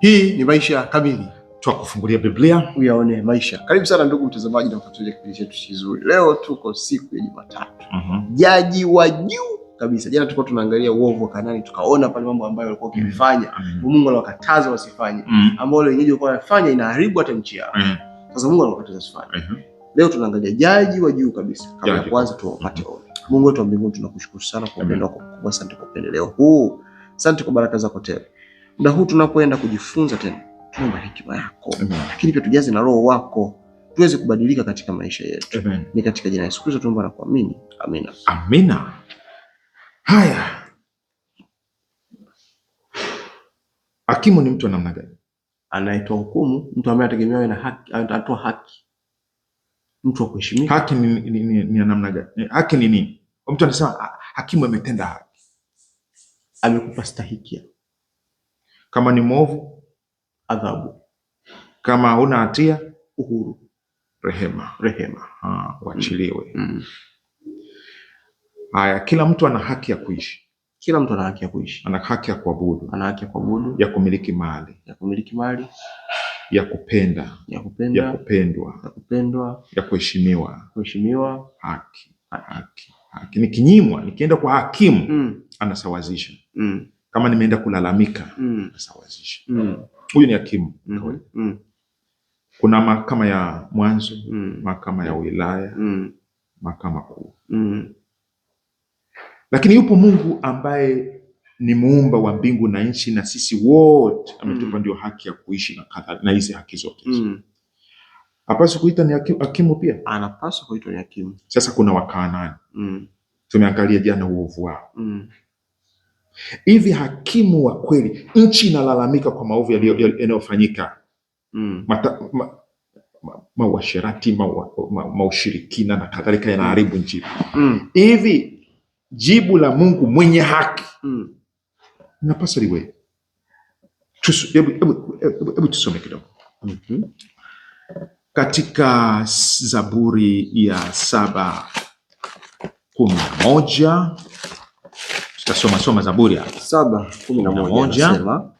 Hii ni Maisha Kamili, kufungulia Biblia uyaone maisha. Karibu sana ndugu mtazamaji na mfuatiliaji kipindi chetu kizuri. Leo tuko siku ya Jumatatu, mhm. jaji wa juu kabisa. Jana tulikuwa tunaangalia uovu wa Kanani, tukaona pale mambo ambayo walikuwa wakifanya, mm. mm. Mungu anawakataza wasifanye, mm. ambao wenyeji walikuwa wanafanya inaharibu hata nchi yao. Sasa Mungu anawakataza wasifanye. Mhm. Leo tunaangalia jaji wa juu kabisa. Kabla ya kwanza, tuwapate ombi. Mungu wetu wa mbinguni, tunakushukuru sana kwa upendo wako mkubwa. Asante kwa upendeleo huu, asante kwa baraka zako tele muda huu tunapoenda kujifunza tena, tuomba hekima yako Amen. Lakini pia tujaze na roho wako tuweze kubadilika katika maisha yetu Amen. Ni katika jina la Yesu Kristo tuomba na kuamini amina, amina. Haya, hakimu ni mtu wa namna gani? Anaitwa hukumu, mtu ambaye anategemewa na haki, anatoa haki, mtu wa kuheshimika. Haki ni, ni, ni, ni namna gani? Haki ni nini? Mtu anasema hakimu ametenda haki, amekupa stahiki kama ni mwovu, adhabu; kama huna hatia, uhuru, rehema. Rehema uachiliwe. Mm. mm. Haya, kila mtu ana haki ya kuishi kila mtu ana haki ya kuishi, ana haki ya kuabudu, ana haki ya kuabudu, ya kumiliki mali, ya kumiliki mali, ya kupenda, ya kupenda, ya kupendwa, ya kupendwa, ya kuheshimiwa, kuheshimiwa. Haki, haki, haki. Nikinyimwa, nikienda kwa hakimu mm. anasawazisha mm kama nimeenda kulalamika mm. sawazisha mm. huyu ni hakimu mm. Mm. kuna mahakama ya mwanzo mm. mahakama ya wilaya mm. mahakama kuu mm. lakini yupo Mungu ambaye ni muumba wa mbingu na nchi na sisi wote ametupa mm. ndio haki ya kuishi na na hizi haki zote mm. Hapaswi kuita ni hakimu pia? Anapaswa kuitwa ni hakimu. Sasa kuna Wakaanani mm. tumeangalia jana uovu wao mm. Hivi hakimu wa kweli, nchi inalalamika kwa maovu yanayofanyika mm. ma, ma, maushirikina ma, ma na kadhalika yanaharibu nchi mm. hivi mm. jibu la Mungu mwenye haki mm. napasa liwe hebu tusome kidogo mm -hmm. katika Zaburi ya saba kumi na moja Tasoma soma Zaburi saba kumi na moja anasema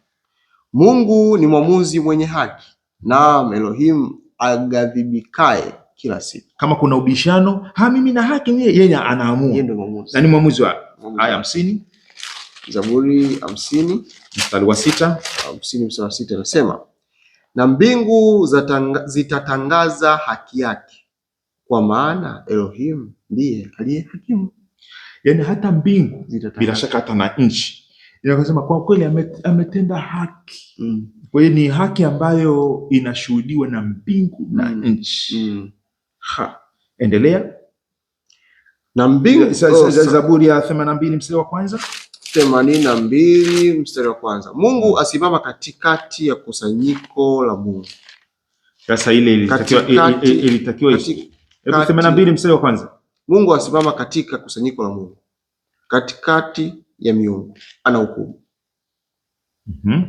Mungu ni mwamuzi mwenye haki, naam Elohim agadhibikae kila siku. Kama kuna ubishano, ha mimi na haki, yeye anaamua na ni mwamuzi wa aya hamsini Zaburi hamsini mstari wa sita hamsini mstari wa sita anasema na mbingu zitatangaza haki yake, kwa maana Elohim ndiye aliye hakimu yani hata mbingu bila shaka hata na nchi Akasema kwa kweli ametenda haki mm. Kwa hiyo ni haki ambayo inashuhudiwa na mbingu na mm. nchi mm. Ha, endelea na mbingu. Oh, Zaburi ya themanini na mbili mstari wa kwanza themanini na mbili mstari wa kwanza Mungu asimama katikati ya kusanyiko la Mungu. Sasa ile ilitakiwa, ilitakiwa themanini na mbili mstari wa kwanza Mungu asimama katika kusanyiko la Mungu, katikati ya miungu, ana hukumu. Mhm.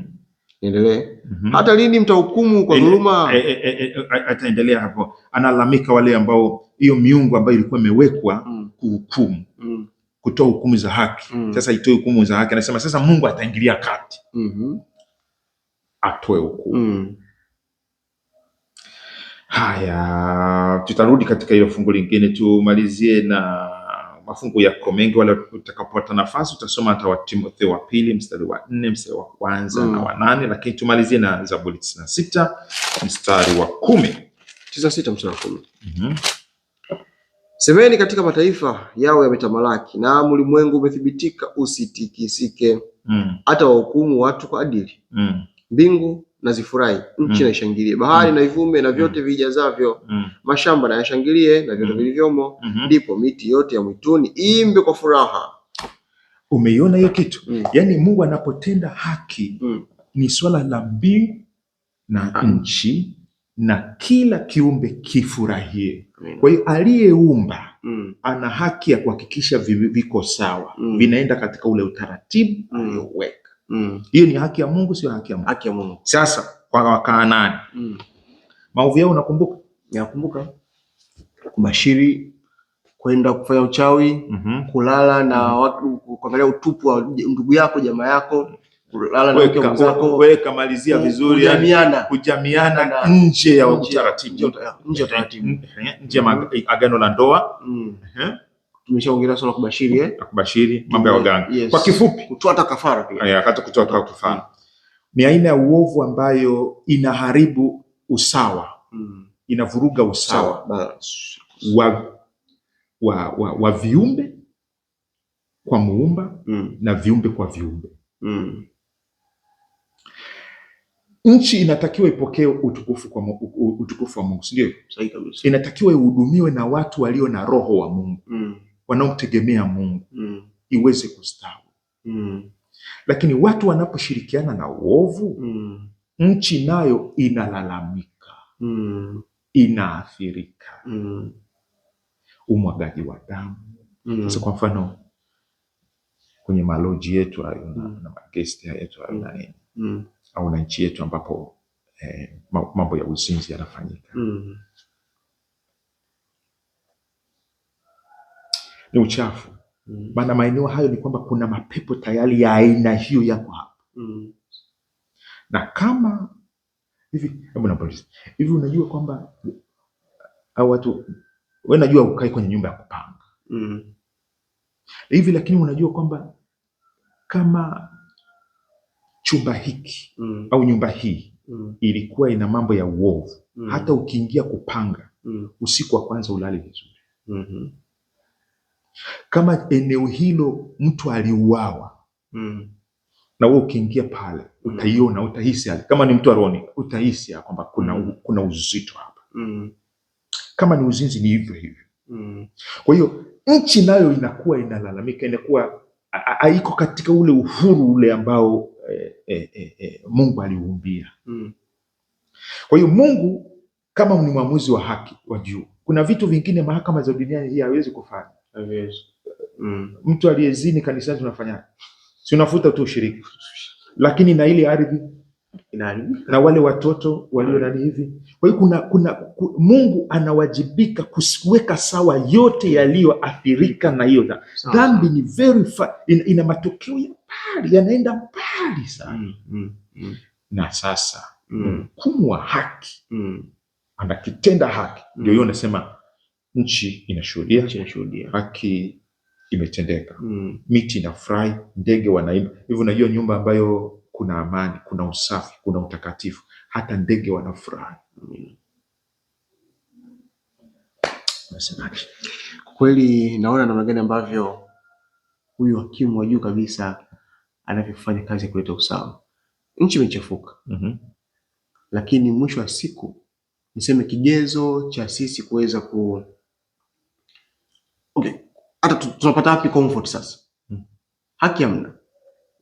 Endelee. Mhm. Hata lini mtahukumu kwa eh, dhuluma? Eh, eh, ataendelea hapo, analalamika wale ambao hiyo miungu ambayo ilikuwa imewekwa mm. kuhukumu, mm. kutoa hukumu za haki. Mm. Sasa itoe hukumu za haki, anasema sasa Mungu ataingilia kati, mhm. atoe hukumu Haya, tutarudi katika hilo fungu lingine, tumalizie na mafungu yako mengi. Wale utakapopata nafasi utasoma hata wa wa pili mstari wa nne mstari wa kwanza mm. na wa nane, lakini tumalizie na Zaburi tisini na sita mstari wa kumi. tisini na sita mstari wa kumi. mm-hmm. Semeni katika mataifa, yao yametamalaki, na ulimwengu umethibitika, usitikisike. mm. hata wahukumu watu kwa adili. mm. mbingu nazifurahi nchi mm. naishangilie bahari mm. na ivume na vyote mm. vijazavyo mm. mashamba na yashangilie na vyote mm. vilivyomo mm -hmm. ndipo miti yote ya mwituni iimbe kwa furaha. Umeiona hiyo kitu mm. yaani Mungu anapotenda haki mm. ni swala la mbingu na ah. nchi na kila kiumbe kifurahie. Kwa hiyo aliyeumba mm. ana haki ya kuhakikisha viko sawa mm. vinaenda katika ule utaratibu mm. aliyoweka. Mm. hiyo mm. ni haki ya Mungu, sio haki ya Mungu. Haki ya Mungu. Sasa kwa Wakanaani mm. maovu yao unakumbuka? Nakumbuka kubashiri, kwenda kufanya uchawi mm -hmm. kulala na mm. watu, kuangalia utupu wa ndugu yako jamaa yako kulala na mke wako, weka malizia mm. vizuri, kujamiana, kujamiana nje ya utaratibu, nje ya mm. agano la ndoa mm tumeshaongelea swala kubashiri eh, kubashiri mambo ya waganga yes. Kwa kifupi kutoa kafara pia yeah, hata kutoa kafara ni aina ya uovu ambayo inaharibu usawa mm. inavuruga usawa wa, wa, wa, wa viumbe kwa muumba mm. na viumbe kwa viumbe mm. Nchi inatakiwa ipokee utukufu kwa utukufu wa Mungu, si ndio? Sahihi kabisa. Inatakiwa ihudumiwe na watu walio na roho wa Mungu mm wanaotegemea Mungu mm. iweze kustawi mm. Lakini watu wanaposhirikiana na uovu mm. nchi nayo inalalamika mm. inaathirika mm. umwagaji wa damu mm. sasa kwa mfano kwenye maloji yetu hayo mm. na magesti yetu hayo na mm. nini mm. au na nchi yetu ambapo eh, mambo ya uzinzi yanafanyika mm. ni uchafu mm. Maana maeneo hayo ni kwamba kuna mapepo tayari ya aina hiyo yako hapo mm. Na kama hivi, hebu na hivi, unajua kwamba au watu wewe, najua ukae kwenye nyumba ya kupanga mm. Hivi lakini unajua kwamba kama chumba hiki mm. au nyumba hii mm. ilikuwa ina mambo ya uovu mm. hata ukiingia kupanga mm. usiku wa kwanza ulali vizuri mm -hmm. Kama eneo hilo mtu aliuawa mm. na wewe ukiingia pale mm. utaiona, utahisi hali. Kama ni mtu aroni, utahisi kwamba kuna, mm. kuna uzito hapa mm. kama ni uzinzi, ni hivyo hivyo mm. kwa hiyo nchi nayo inakuwa inalalamika, inakuwa haiko katika ule uhuru ule ambao eh, eh, eh, Mungu aliumbia mm. Kwa hiyo Mungu kama ni mwamuzi wa haki wa juu, kuna vitu vingine mahakama za duniani hii hawezi kufanya mm. Mtu aliyezini kanisani tunafanya si unafuta tu ushiriki, lakini na ile ardhi na wale watoto walio nani hivi. Kwa hiyo kuna, kuna Mungu anawajibika kuweka sawa yote yaliyoathirika na hiyo dhambi. Ni very far, in, ina matokeo ya mbali yanaenda mbali sana mm, mm, mm. Na sasa mhukumu mm. wa haki mm. anakitenda haki ndio mm. hiyo nasema nchi inashuhudia, haki imetendeka, mm. miti inafurahi, ndege wanaimba. Hivyo unajua nyumba ambayo kuna amani, kuna usafi, kuna utakatifu, hata ndege wanafurahi. mm. Kwa kweli naona namna gani ambavyo huyu hakimu wa juu kabisa anavyofanya kazi ya kuleta usawa. Nchi imechafuka, mm -hmm. lakini mwisho wa siku niseme kigezo cha sisi kuweza ku okay, hata tunapata wapi comfort sasa? Hmm. Haki hamna,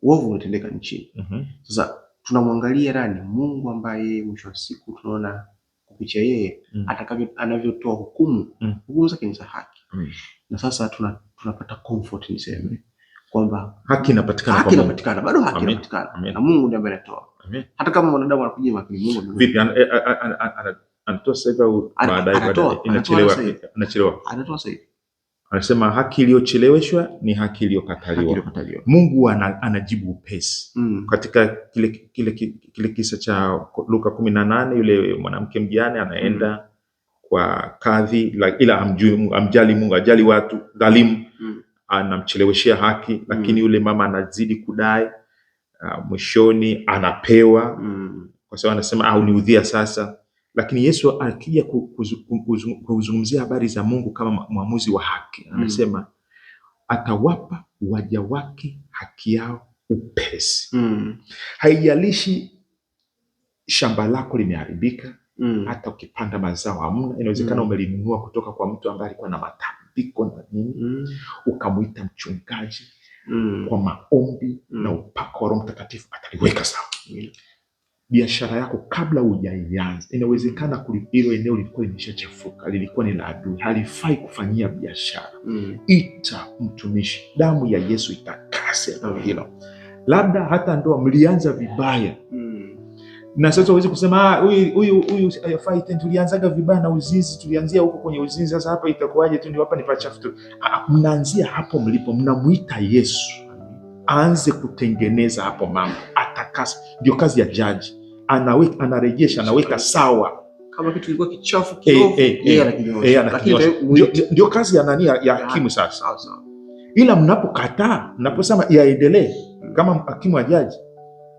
uovu unatendeka nchini. Mhm. Sasa tunamwangalia nani? Mungu ambaye mwisho wa siku tunaona kupitia yeye hmm. atakavyo anavyotoa hukumu, hmm. hukumu zake ni za haki. Na sasa tuna, tunapata comfort niseme kwamba haki inapatikana, kwa haki inapatikana, bado haki inapatikana na Mungu ndiye ambaye anatoa, hata kama mwanadamu anakuja lakini Mungu ndiye. vipi anatoa sasa hivi au baadaye, Inachelewa. anachelewa, anatoa sasa anasema haki iliyocheleweshwa ni haki iliyokataliwa. Mungu ana, anajibu upesi mm. Katika kile, kile, kile kisa cha Luka kumi na nane yule mwanamke mjane anaenda mm. kwa kadhi ila amjui, amjali Mungu ajali watu dhalimu mm. anamcheleweshea haki mm. lakini mm. yule mama anazidi kudai uh, mwishoni anapewa mm. kwa sababu anasema au ah, niudhia sasa lakini Yesu akija kuzungumzia habari za Mungu kama mwamuzi wa haki, mm. anasema mm. atawapa waja wake haki yao upesi mm. haijalishi shamba lako limeharibika mm. hata ukipanda mazao hamna, inawezekana mm. umelinunua kutoka kwa mtu ambaye alikuwa na matambiko na nini mm. ukamwita mchungaji mm. kwa maombi mm. na upako wa Roho Mtakatifu ataliweka sawa mm biashara yako kabla hujaianza. Inawezekana hilo eneo lilikuwa limeshachafuka, lilikuwa ni la adui, halifai kufanyia biashara mm. Ita mtumishi, damu ya Yesu itakase eneo mm. hilo. Labda hata ndoa mlianza vibaya mm. na sasa uwezi kusema ah, huyu huyu hayafai tena, tulianzaga vibaya na uzinzi, tulianzia huko kwenye uzinzi, sasa hapa itakuwaje? tu ndio hapa ni pachafu tu. Ah, ah, mnaanzia hapo mlipo, mnamwita Yesu aanze kutengeneza hapo mambo, atakasa. Ndio kazi ya jaji anaweka, anarejesha, anaweka sawa kama kitu kilikuwa kichafu eh, kidogo, eh, eh, Ndio kazi ya nani? Ya hakimu. Sasa ila mnapokataa, mnaposema yaendelee hmm. kama hakimu wa jaji,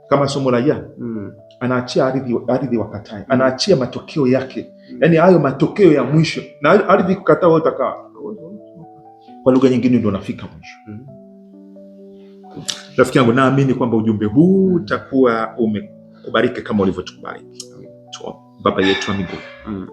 kama somo la ya mm. anaachia ardhi, ardhi wakatae, anaachia matokeo yake mm. yaani hayo matokeo ya mwisho, na ardhi kukataa, wewe utakaa kwa lugha nyingine, ndio unafika mwisho mm. Rafiki yangu, naamini kwamba ujumbe huu hmm. utakuwa ume kubariki kama ulivyotubariki. Baba yetu wa mbinguni mm.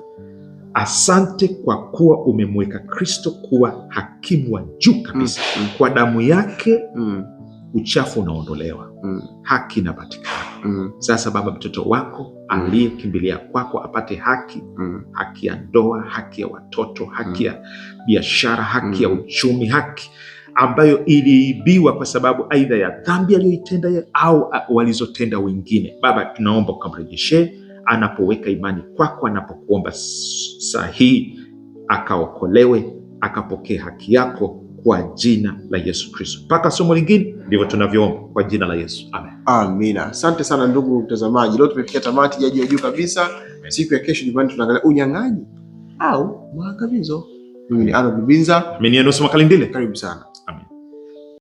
Asante kwa kuwa umemweka Kristo kuwa hakimu wa juu kabisa mm. mm. Kwa damu yake mm. Uchafu unaondolewa mm. Haki inapatikana mm. Sasa Baba, mtoto wako aliyekimbilia kwako apate haki mm. Haki ya ndoa, haki ya watoto, haki mm. ya biashara, haki mm. ya uchumi, haki ambayo iliibiwa kwa sababu aidha ya dhambi aliyoitenda au walizotenda wengine. Baba, tunaomba ukamrejeshee anapoweka imani kwako, anapokuomba saa hii, akaokolewe akapokee haki yako kwa jina la Yesu Kristo. Mpaka somo lingine, ndivyo tunavyoomba kwa jina la Yesu, amen. Amina. Asante sana ndugu mtazamaji, leo tumefikia tamati ya juu ya juu kabisa. Siku ya kesho nyumbani tunaangalia unyang'anyi au maangamizo. Mimi ni Arnold Binza, mimi ni Enos Makalindile. Karibu sana.